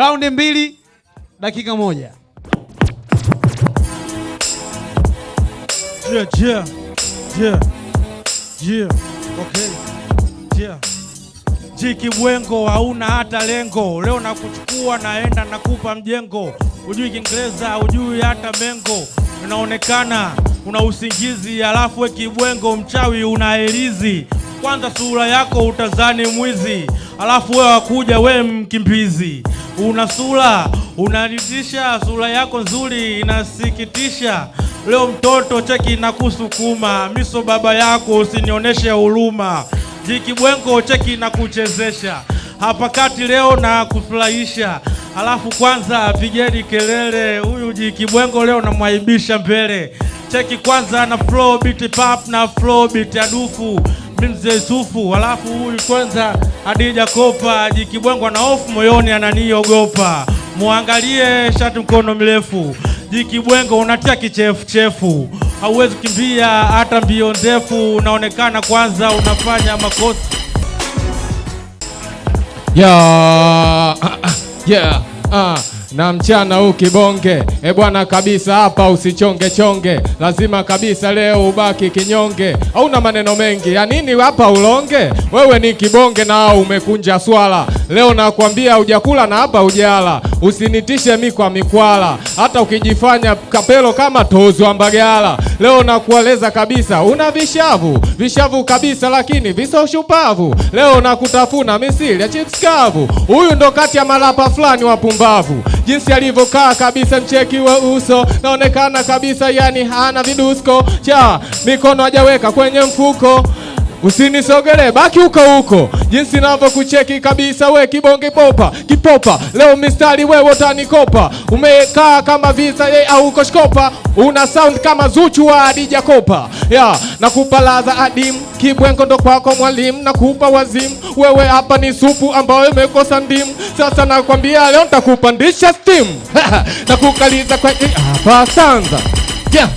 Raundi mbili, dakika moja. Yeah, yeah, yeah, yeah, okay, yeah. Jiki hauna hata lengo, leo nakuchukua naenda nakupa mjengo, ujui Kiingereza ujui hata mengo, unaonekana una usingizi, alafu we kibwengo mchawi unaelizi, kwanza sura yako utazani mwizi, alafu we wakuja we mkimbizi una sura unaridhisha, sura yako nzuri inasikitisha. Leo mtoto cheki na kusukuma miso, baba yako usinionyeshe huruma. Jikibwengo cheki na kuchezesha hapa kati leo na kufurahisha, alafu kwanza pigeni kelele, huyu Jikibwengo leo namwaibisha mbele. Cheki kwanza na flow beat pap na flow beat adufu mi mzee Yusufu, halafu huyu kwanza Adija Kopa Jikibwangwa na hofu moyoni ananiogopa, muangalie shati mkono mrefu Jikibwengo unatia kichefuchefu, hauwezi kimbia hata mbio ndefu, unaonekana kwanza unafanya makosa yeah. yeah. Uh na mchana huu kibonge, e kabisa, hapa usichonge chonge, lazima kabisa leo ubaki kinyonge. auna maneno mengi ya nini hapa ulonge, wewe ni kibonge na umekunja swala leo, nakwambia ujakula na hapa ujala, usinitishe mi kwa mikwala, hata ukijifanya kapelo kama tozwa mbagala. Leo nakualeza kabisa, una vishavu vishavu kabisa, lakini visoshupavu Leo nakutafuna misili ya chips huyu ndo kati ya marapa fulani wapumbavu jinsi alivyokaa kabisa, mcheki wa uso naonekana kabisa, yani hana vidusko cha mikono hajaweka kwenye mfuko Usinisogele, baki huko huko, jinsi navyokucheki kabisa, we kibonge popa kipopa, leo mistari wewe utanikopa. Umekaa kama visa ye au koshkopa, una sound kama Zuchu wa Adija Kopa ya laza adim kibwengo ndo kwako mwalimu, nakupa wazimu wewe, hapa ni supu ambayo imekosa ndimu. Sasa nakwambia leo nitakupandisha steam nakukaliza kwa hapa sanza yeah.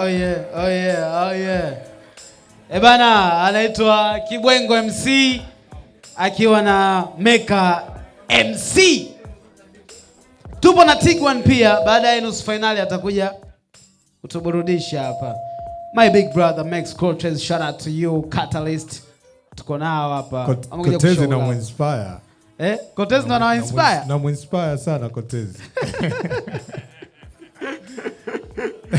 Oh yeah, oh yeah, oh yeah. Ebana bana, anaitwa Kibwengo MC akiwa na Meka MC. Tupo na Tigwan pia, ya nusu finali atakuja kutuburudisha hapa. My big brother Max Cortez, shout out to you Catalyst. Tuko nao hapa. Cortez na inspire. Eh? Cortez ndo na inspire. Na inspire sana Cortez.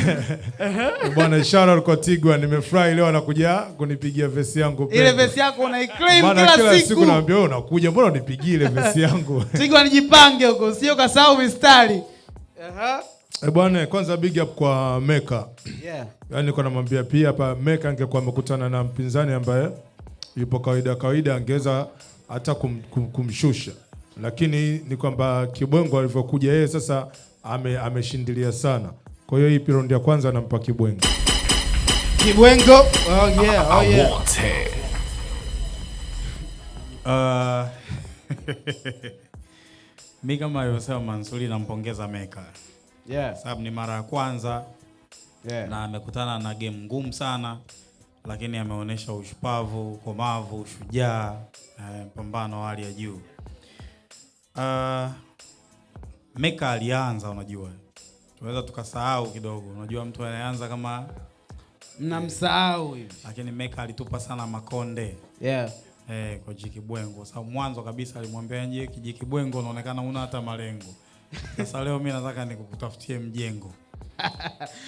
Bwana shout kwa Tigwa, nimefurahi leo anakuja kunipigia vesi yangu Ile vesi yako unaiclaim kila siku. Kila siku naambia wewe unakuja, mbona unipigie ile vesi yangu? Tigwa nijipange huko, sio kasahau mistari. Aha. Eh, bwana kwanza big up kwa Meka. Yeah. Yaani kwa namwambia pia hapa Meka angekuwa amekutana na mpinzani ambaye yupo kawaida kawaida angeweza hata kum, kum, kumshusha. Lakini ni kwamba Kibwengo alivyokuja yeye sasa ame, ameshindilia sana. Kwa hiyo hii round ya kwanza nampa Kibwengo. Kibwengo. Oh yeah, oh yeah. Uh, mi kama alivyosema Mansuri nampongeza Meka. Yeah. Sababu ni mara ya kwanza yeah, na amekutana na game ngumu sana lakini ameonyesha ushupavu, ukomavu, ushujaa, eh, pambano hali ya juu. Uh, Meka alianza unajua tunaweza tukasahau kidogo. Unajua mtu anaanza kama mnamsahau hivi, lakini Meka alitupa sana makonde yeah. Eh, kwa Jiki Bwengo sababu mwanzo kabisa alimwambia nje, Kijiki Bwengo unaonekana una hata malengo. Sasa leo mimi nataka nikukutafutie mjengo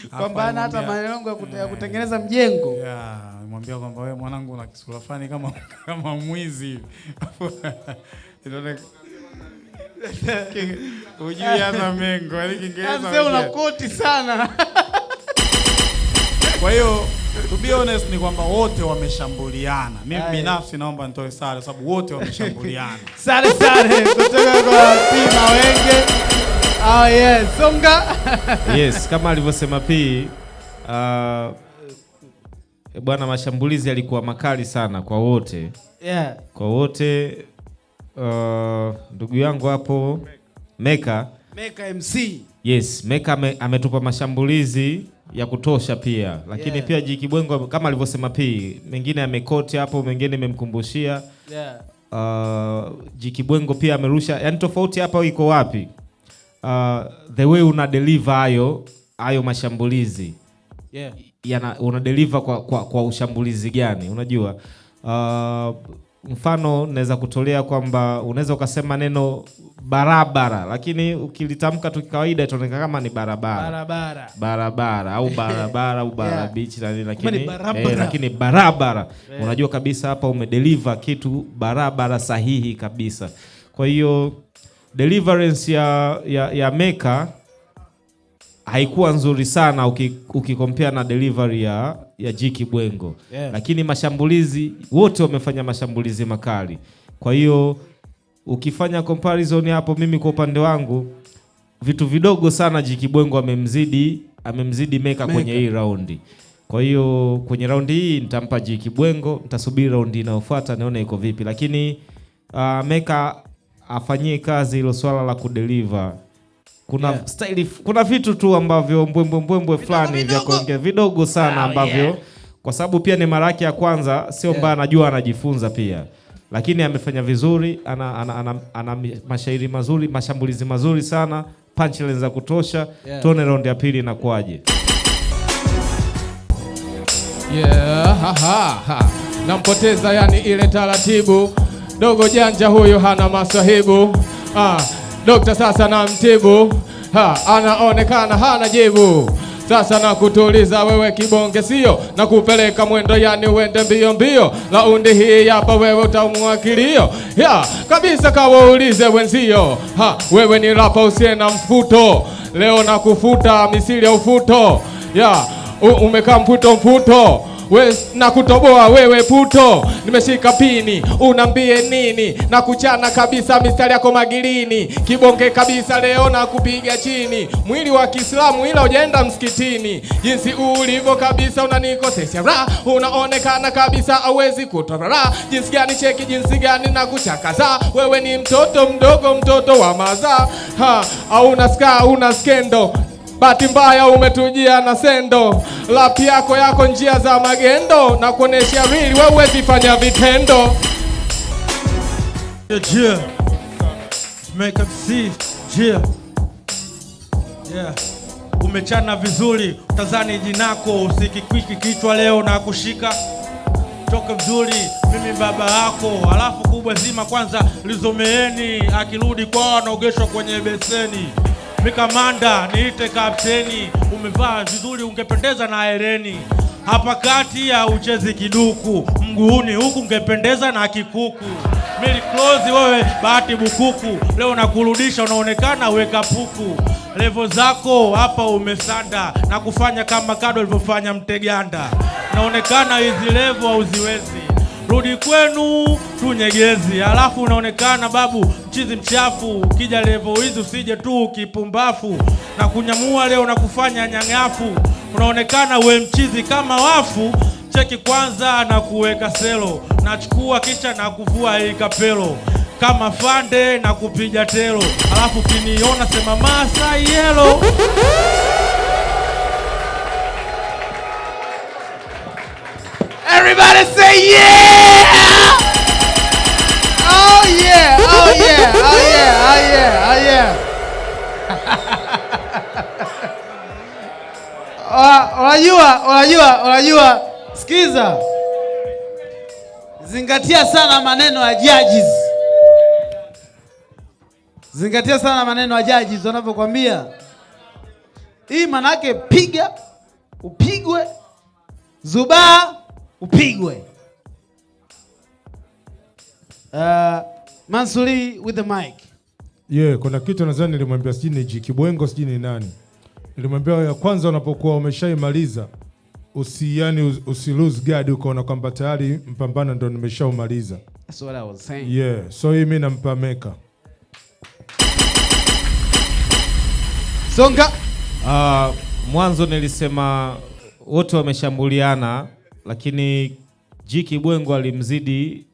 kwamba ana hata malengo ya eh. kutengeneza mjengo. Yeah, mwambia kwamba wewe mwanangu una kisura fani kama kama mwizi Ujui mengo, yaani sana. Kwa hiyo to be honest ni kwamba wote wameshambuliana. Mimi binafsi naomba nitoe sare sababu wote wameshambuliana. Sare sare kutoka kwa oh, yes, Songa. Yes, kama alivyosema P uh, bwana mashambulizi yalikuwa makali sana kwa wote. Yeah. Kwa wote Uh, ndugu uh, yangu hapo Meka Meka MC. Yes, Meka me, ametupa mashambulizi ya kutosha pia lakini yeah. Pia Jiki Bwengo kama alivyosema pia mengine amekoti hapo, mengine imemkumbushia yeah. Uh, Jiki Bwengo pia amerusha, yani tofauti hapa iko wapi? Uh, the way una deliver hayo hayo mashambulizi yeah. Yana, una deliver kwa, kwa, kwa ushambulizi gani? Unajua uh, mfano naweza kutolea kwamba unaweza ukasema neno barabara, lakini ukilitamka tu kawaida itaoneka kama ni barabara barabara, barabara au barabara au barabichi yeah. Eh, lakini barabara, eh, lakini barabara yeah. Unajua kabisa hapa umedeliver kitu barabara sahihi kabisa. Kwa hiyo deliverance ya, ya, ya Meka haikuwa nzuri sana ukikompea uki na delivery ya ya Jiki Bwengo yeah. Lakini mashambulizi wote wamefanya mashambulizi makali, kwa hiyo ukifanya comparison hapo, mimi kwa upande wangu vitu vidogo sana Jiki Bwengo amemzidi amemzidi Meka, Meka kwenye hii raundi. Kwa hiyo kwenye raundi hii nitampa Jiki Bwengo, nitasubiri raundi inayofuata nione iko vipi, lakini uh, Meka afanyie kazi hilo swala la kudeliver kuna yeah. style, kuna vitu tu ambavyo mbwembwembwembwe fulani vya kuongea vidogo sana ah, ambavyo oh, yeah. kwa sababu pia ni mara yake ya kwanza sio yeah. mbaya, anajua anajifunza pia, lakini amefanya vizuri, ana, ana, ana, ana, ana mashairi mazuri, mashambulizi mazuri sana, punchline za kutosha yeah. Tuone round ya pili inakuwaje? Yeah, ha, ha, ha. Nampoteza yani ile taratibu, dogo janja huyu hana maswahibu ah. Dokta sasa na mtibu ha, anaonekana hana jibu. Sasa na kutuliza wewe kibonge sio na kupeleka mwendo yani uende mbio mbio, laundi hii hapa wewe utaumwa kilio ya kabisa, kawaulize wenzio ha, wewe ni rapa usiye na mfuto, leo na kufuta misili ya ufuto ya umekaa mfuto mfuto we, na kutoboa wewe puto, nimeshika pini, unambie nini? Na kuchana kabisa mistari yako magilini, kibonge kabisa leo na kupiga chini, mwili wa Kiislamu ila ujaenda msikitini, jinsi ulivyo kabisa unanikosesha ra, unaonekana kabisa awezi kutorara, jinsi gani cheki, jinsi gani na kuchakaza, wewe ni mtoto mdogo, mtoto wa mazaa, au ska, una skendo Bahati mbaya umetujia na sendo lapi yako yako njia za magendo na kuonesha rili wewe huwezi fanya vitendo. Yeah, yeah. Make see. Yeah. Yeah. Umechana vizuri, tazani jinako, usikikwiki kichwa leo na kushika toke vizuri, mimi baba yako. Alafu kubwa zima kwanza lizomeeni, akirudi kwao wanaogeshwa kwenye beseni. Mikamanda, niite kapteni, umevaa vizuri, ungependeza na aereni hapa kati ya uchezi kiduku mguuni huku, ungependeza na kikuku. Mili klozi, wewe, bahati bukuku, leo nakurudisha, unaonekana weka puku. Levo zako hapa umesanda na kufanya kama kado alivyofanya mteganda, naonekana hizi levo hauziwezi rudi kwenu tunyegezi. Halafu unaonekana babu mchizi mchafu, ukija levo hizi usije tu kipumbafu na kunyamua leo na kufanya nyang'afu, unaonekana we mchizi kama wafu. Cheki kwanza na kuweka selo, nachukua kicha na kuvua hii kapelo kama fande na kupiga telo, alafu kiniona sema Masai yelo yeah! Oh yeah! Oh yeah! Oh yeah! Oh yeah! Oh yeah! Unajua, unajua, unajua. Sikiza. Zingatia sana maneno ya judges. Zingatia sana maneno ya judges wanavyokwambia Hii maana yake piga, upigwe, zubaa, upigwe. Uh, Mansuri with the mic. Yeah, kuna kitu nadhani nilimwambia sijui ni Jikibwengo sijui ni nani. Nilimwambia ya kwanza unapokuwa umeshaimaliza usi yani usi lose guard ukaona kwamba tayari mpambano ndo nimeshaumaliza. That's what I was saying. Yeah, so hii mimi nampa Meka. Songa. Uh, mwanzo nilisema wote wameshambuliana lakini Jiki Bwengo alimzidi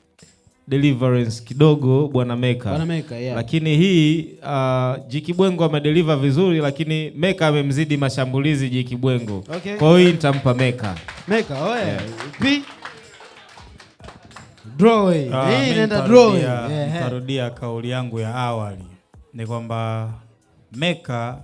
deliverance kidogo Bwana Meka. Bwana Meka, yeah. Lakini hii uh, Jikibwengo amedeliver vizuri, lakini Meka amemzidi mashambulizi Jikibwengo. Okay. Kwa hiyo nitampa Meka. Meka, oye. Yeah. Drawing. Uh, hii. Hii inaenda Yeah. Tarudia kauli yangu ya awali ni kwamba Meka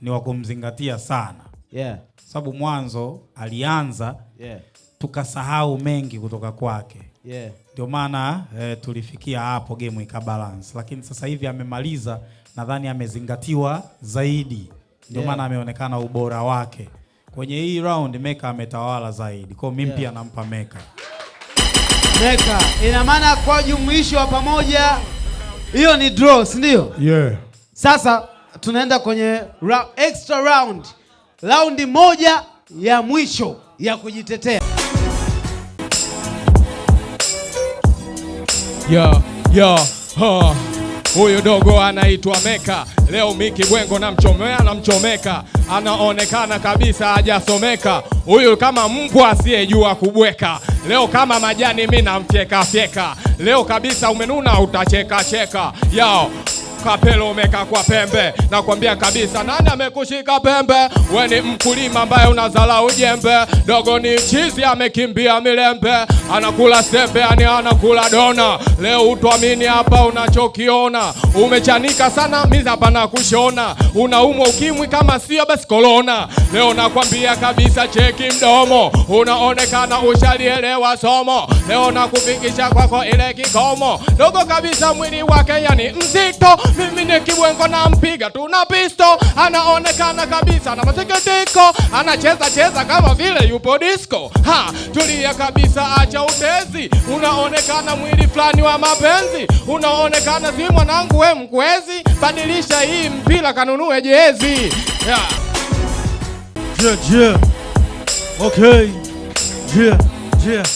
ni wa kumzingatia sana. Yeah. Sababu mwanzo alianza yeah. Tukasahau mengi kutoka kwake yeah. Ndio maana eh, tulifikia hapo game ikabalance, lakini sasa hivi amemaliza, nadhani amezingatiwa zaidi, ndio maana yeah. ameonekana ubora wake kwenye hii round. Meka ametawala zaidi, kwa mimi pia yeah. nampa Meka. Meka ina maana kwa jumuisho wa pamoja, hiyo ni draw, si ndio? yeah. Sasa tunaenda kwenye ra extra round, raundi moja ya mwisho ya kujitetea. ya ya ha Huyu dogo anaitwa Meka, leo Miki Bwengo namchomea, namchomeka, anaonekana kabisa hajasomeka. Huyu kama mbwa asiyejua kubweka, leo kama majani mi namfyekafyeka leo kabisa umenuna utacheka cheka yao kapelo umeka kwa pembe, nakwambia kabisa, nani amekushika pembe? We ni mkulima ambaye unazala ujembe, dogo ni chizi, amekimbia milembe, anakula sembe, ani anakula dona. Leo utwamini hapa unachokiona, umechanika sana, miza pana kushona, unaumwa ukimwi kama sio basi korona. Leo nakwambia kabisa, cheki mdomo, unaonekana ushalielewa somo, leo nakufikisha kwako ile kikomo, dogo kabisa, mwili wake yani mzito mimi ni kibwengo mpiga tuna pisto, anaonekana kabisa na masikitiko, anacheza cheza kama vile yupo disco. Ha, tulia kabisa, acha utezi, unaonekana mwili fulani wa mapenzi, unaonekana si mwanangu, we mkwezi, badilisha hii mpira, kanunue jezi yeah. Yeah, yeah. Okay. Yeah, yeah.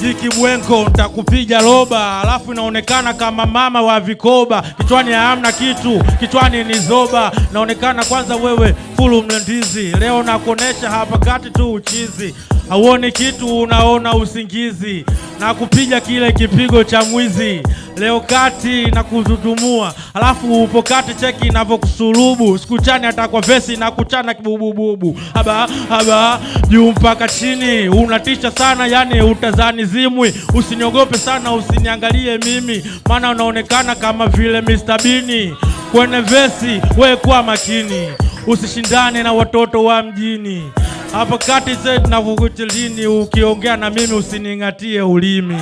Jiki Bwenko ntakupiga roba, alafu inaonekana kama mama wa vikoba, kichwani hamna kitu, kichwani ni zoba, naonekana kwanza wewe fulu mlandizi, leo nakuonesha hapa kati tu uchizi, hauoni kitu unaona usingizi, na kupiga kile kipigo cha mwizi leo kati na kuzudumua alafu upo kati, cheki inavyokusulubu sikuchani hata kwa vesi na kuchana kibubububu, haba haba juu mpaka chini, unatisha sana yani utazani zimwi. Usiniogope sana usiniangalie mimi, maana unaonekana kama vile Mr Bini kwenye vesi, we kwa makini usishindane na watoto wa mjini hapa kati zetu na vugutilini. Ukiongea na mimi usining'atie ulimi.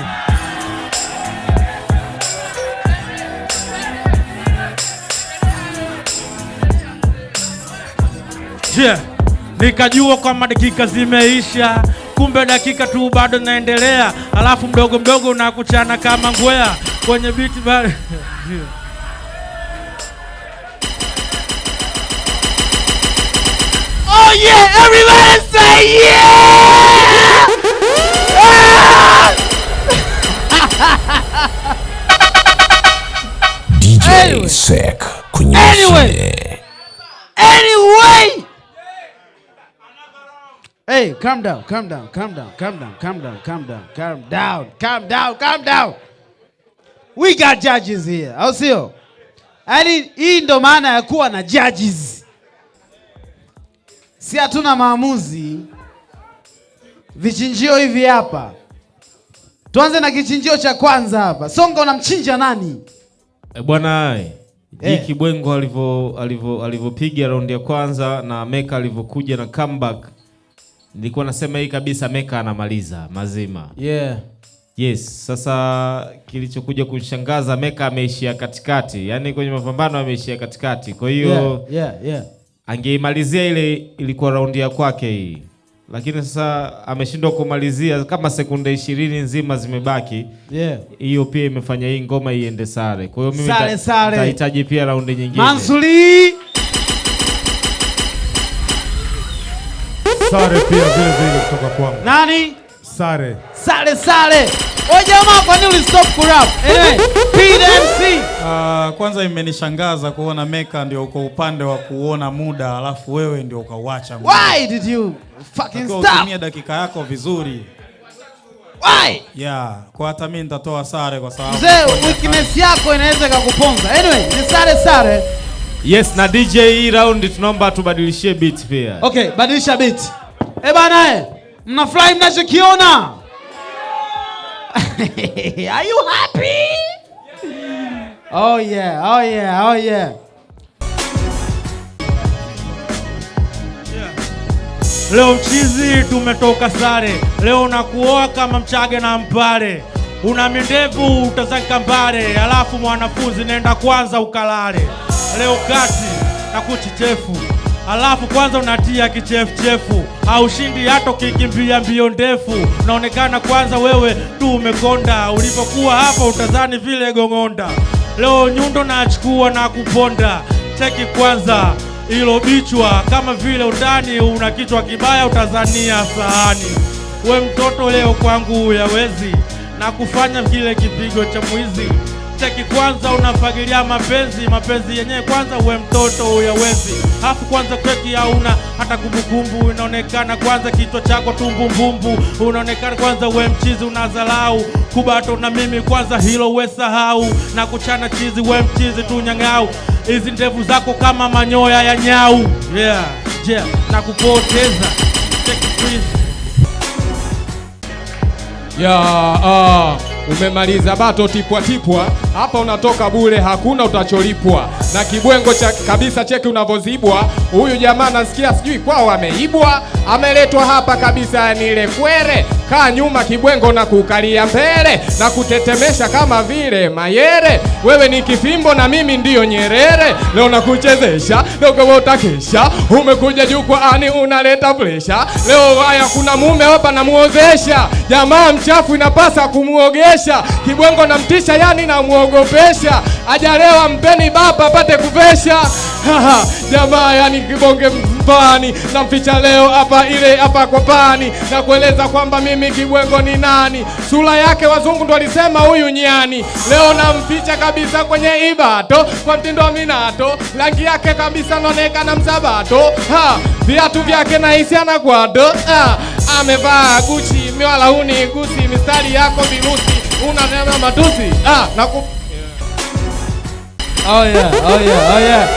Je, yeah. Nikajua kwamba dakika zimeisha, kumbe dakika tu bado naendelea, alafu mdogo mdogo unakuchana kama ngwea kwenye biti bale Oh yeah! Everybody say yeah! ah! DJ anyway. Sek kwenye anyway. Anyway. Hey, calm down, calm down, calm down, calm down, calm down, calm down, calm down, calm down, calm down. We got judges here, au sio? Yaani hii ndo maana ya kuwa na judges si hatuna maamuzi. Vichinjio hivi hapa, tuanze na kichinjio cha kwanza hapa. Songa, unamchinja nani? E bwana eh, eh. Jiki Bwengo alivyo alivyo alivyopiga raundi ya kwanza na Meka alivyokuja na comeback, nilikuwa nasema hii kabisa, Meka anamaliza mazima. Yeah. Yes, sasa kilichokuja kushangaza Meka ameishia katikati, yaani kwenye mapambano ameishia katikati, kwa hiyo yeah, yeah, yeah angeimalizia ile ilikuwa raundi ya kwake hii, lakini sasa ameshindwa kumalizia, kama sekunde ishirini nzima zimebaki hiyo, Pia imefanya hii ngoma iende sare, kwa hiyo mimi nahitaji pia raundi nyingine Mansuri. Sare pia vile vile kutoka kwangu. Nani? Sare. Sare sare. Jamaa, kwa nini ulistop kurap? Eh, PMC. Uh, ah, kwanza imenishangaza kuona Meka ndio uko upande wa kuona muda alafu wewe ndio ukauacha muda. Why did you fucking stop? Utumia dakika yako vizuri. Why? Yeah, kwa hata mimi nitatoa sare kwa sababu mzee, weakness yako inaweza kukuponza. Anyway, ni sare sare. Yes, na DJ hii round tunaomba tubadilishie beat pia. Okay, badilisha beat. Eh bana, eh, mnafurahi mnachokiona? Are you happy? Yeah. Oh yeah, oh yeah, oh yeah. Leo mchizi tumetoka sare, leo nakuoa kama Mchage na Mpare, una mindevu utazanka mbare, alafu mwanafunzi nenda kwanza ukalale, leo kati na kuchichefu alafu kwanza unatia kichefuchefu, haushindi hata ukikimbia mbio ndefu. Unaonekana kwanza wewe tu umekonda, ulipokuwa hapa utazani vile gong'onda. Leo nyundo naachukua na kuponda, cheki kwanza ilo bichwa, kama vile utani una kichwa kibaya, utazania sahani. We mtoto leo kwangu uyawezi na kufanya kile kipigo cha mwizi. Cheki kwanza unafagilia mapenzi, mapenzi yenyewe kwanza, we mtoto uyawezi hafu kwanza keki hauna hata kumbukumbu, inaonekana kwanza kichwa chako tumbumbumbu, unaonekana kwanza we mchizi unazalau kubato na mimi kwanza hilo we sahau na kuchana chizi we mchizi tu nyang'au, hizi ndevu zako kama manyoya ya nyau yeah, yeah, na kupoteza Take a Yeah, uh. Umemaliza bato tipwa tipwa, hapa unatoka bule hakuna utacholipwa na kibwengo cha kabisa. Cheki unavozibwa huyu jamaa nasikia sijui kwao ameibwa, ameletwa hapa kabisa ni kwere. Kaa nyuma kibwengo na kukalia mbele na kutetemesha kama vile mayere. Wewe ni kifimbo na mimi ndiyo Nyerere. Leo nakuchezesha dogo utakesha, umekuja jukwaani unaleta presha. Leo haya kuna mume hapa namuozesha, jamaa mchafu inapasa kumuogesha kuvesha. Kibwengo mtisha yani namwogopesha. Ajalewa mpeni baba apate kuvesha. Jamaa yani kibonge mpani, namficha leo hapa ile hapa kwa pani, na kueleza kwamba mimi kibwengo ni nani. Sura yake wazungu ndo walisema huyu nyani. Leo namficha kabisa kwenye ibato kwa mtindo wa minato, rangi yake kabisa naonekana msabato, viatu vyake na anakwado, amevaa guchi mimi wala huni igusi mistari yako virusi una nema matusi ah, na ku... yeah. Oh yeah, oh yeah, oh yeah.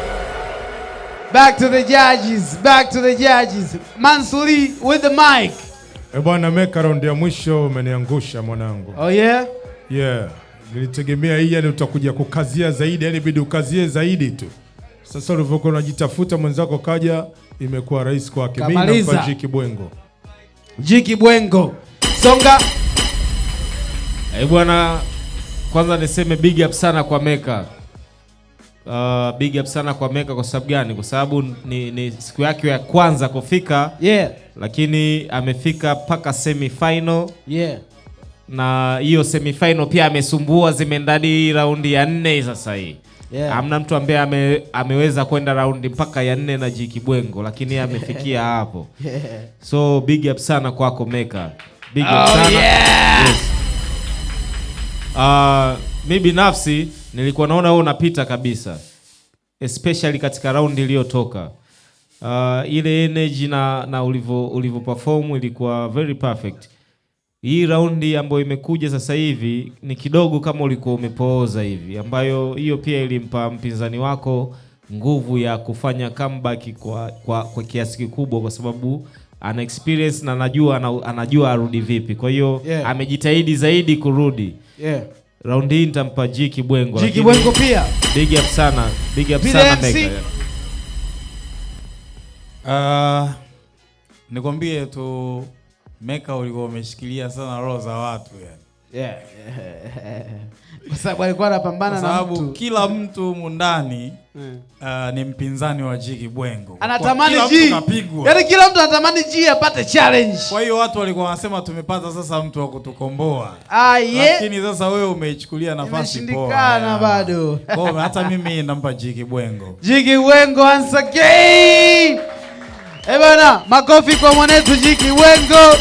back to the judges, back to the judges. Mansuri with the mic. Eh, bwana meka round ya mwisho umeniangusha mwanangu. Oh yeah? Yeah. Nilitegemea hii yani utakuja kukazia zaidi, yani bidi ukazie zaidi tu. Sasa ulivyokuwa unajitafuta mwenzako kaja, imekuwa rahisi kwake. Mimi na Kibwengo. Jiki Bwengo. Songa. Eh, bwana kwanza niseme big up sana kwa Meka. Uh, big up sana kwa Meka kwa sababu gani? Kwa sababu ni, ni siku yake ya kwanza kufika. Yeah. Lakini amefika mpaka semi final. Yeah. Na hiyo semi final pia amesumbua, zimendadi raundi ya nne sasa hii yeah. Amna mtu ambaye ame, ameweza kwenda raundi mpaka ya nne na jikibwengo Kibwengo, lakini amefikia hapo yeah. So big up sana kwako Meka, big up oh, sana yeah. yes. Uh, ah, mi binafsi nilikuwa naona wewe unapita kabisa especially katika raundi iliyotoka. Uh, ile energy na, na ulivyo ulivyo perform ilikuwa very perfect. Hii raundi ambayo imekuja sasa hivi ni kidogo kama ulikuwa umepooza hivi, ambayo hiyo pia ilimpa mpinzani wako nguvu ya kufanya comeback kwa, kwa, kwa kiasi kikubwa kwa sababu ana experience na anajua anajua arudi vipi. Kwa hiyo yeah, amejitahidi zaidi kurudi. Yeah. Raundi hii nitampa G Kibwengo. G Kibwengo pia. Big up sana. Big up sana Mega. Ah, uh, nikwambie tu Meka ulikuwa umeshikilia sana roho za watu yani. Yeah, Kwa sababu alikuwa anapambana na mtu. Kila mtu mundani yeah. Uh, ni mpinzani wa Jiki Bwengo. Anatamani G. Yaani kila mtu anatamani G apate challenge. Kwa hiyo watu walikuwa wanasema tumepata sasa mtu wa kutukomboa. Ah, yeah. Lakini sasa wewe umeichukulia nafasi poa. Imeshindikana bado. Kwa hata mimi nampa Jiki Bwengo. Jiki Bwengo once again. Eh, makofi kwa mwanetu Jiki Wengo.